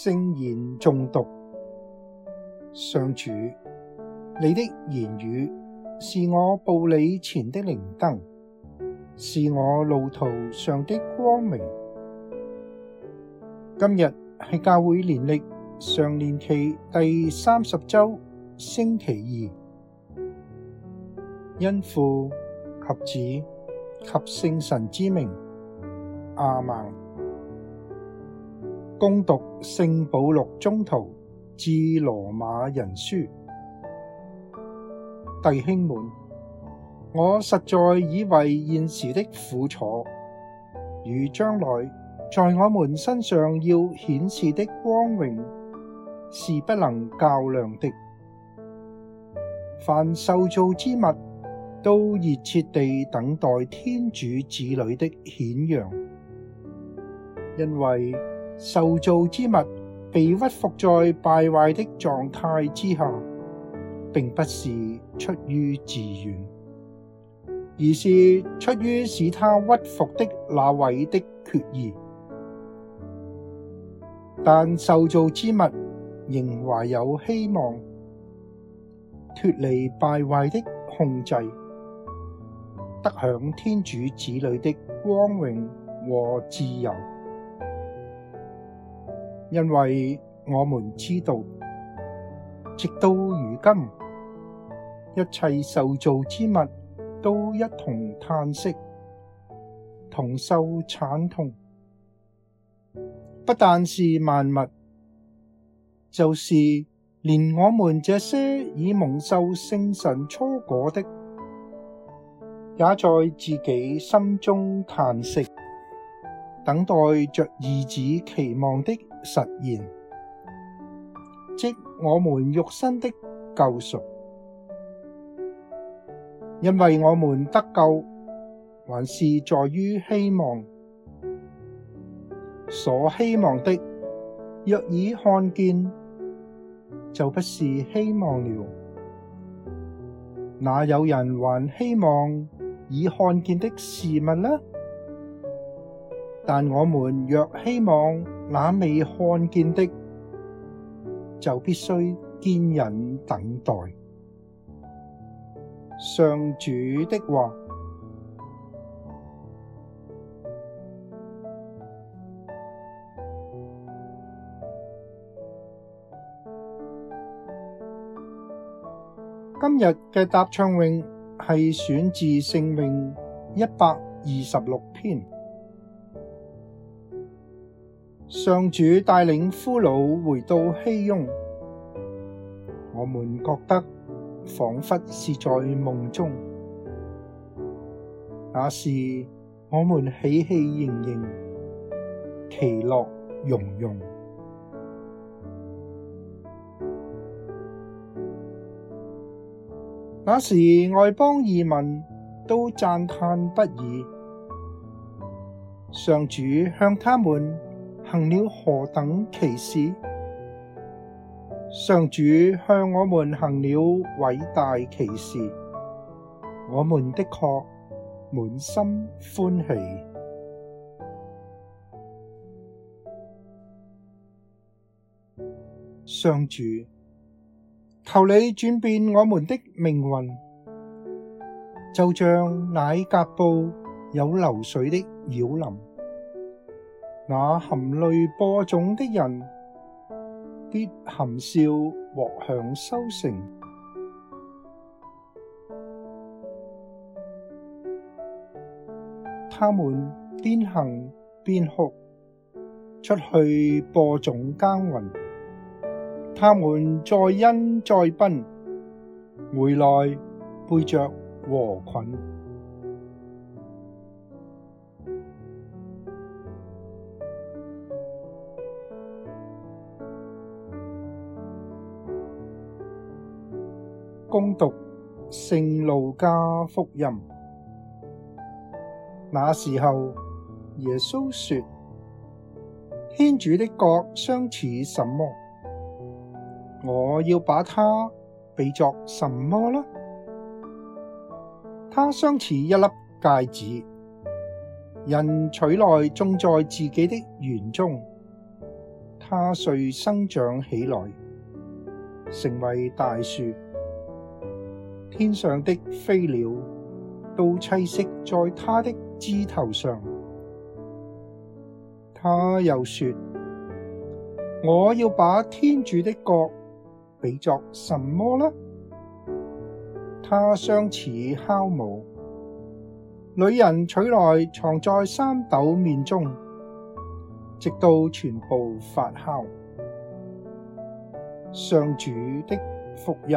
聖言誦讀。上主，你的言語是我步履前的明燈，是我路途上的光明。今日係教會年曆常年期第三十周星期二，因父及子及聖神之名，阿們。恭讀《聖保祿宗徒致羅馬人書》，弟兄們，我實在以為現時的苦楚，與將來在我們身上要顯示的光榮，是不能較量的。凡受造之物，都熱切地等待天主子女的顯揚，因為受造之物被屈伏在敗壞的狀態之下，並不是出於自願，而是出於使他屈伏的那位的決意。但受造之物仍懷有希望，脫離敗壞的控制，得享天主子女的光榮和自由。因為我們知道，直到如今，一切受造之物都一同嘆息，同受慘痛產痛。不但是萬物，就是連我們這些已蒙受聖神初果的，也在自己心中嘆息，等待着義子期望的實現，即我們肉身的救贖。因為我們得救，還是在於希望。所希望的，若已看見，就不是希望了。那有人還希望已看見的事物呢？但我們若希望那未看見的，就必須堅忍等待。上主的話。今日嘅答唱詠係選自聖詠一百二十六篇。上主帶領俘虜回到熙雍，我們覺得仿佛是在夢中。那時，我們喜氣盈盈，其樂融融。那時，外邦異民都讚嘆不已。上主向他們行了何等奇事！上主向我們行了偉大奇事，我們的確滿心歡喜。上主，求你轉變我們的命運，就像乃革布有流水的澆淋。那含淚播種的人，必含笑獲享收成。他們邊行邊哭，出去播種耕耘；他們載欣載奔，回來背着禾捆。恭讀《聖路加福音》，那時候耶穌說：天主的國相似什麼？我要把它比作什麼呢？它相似一粒芥子，人取來種在自己的園中，它遂生長起來，成為大樹。天上的飛鳥都棲息在它的枝頭上。他又說：我要把天主的國比作什麼呢？他相似酵母，女人取來藏在三斗麵中，直到全部發酵。上主的福音。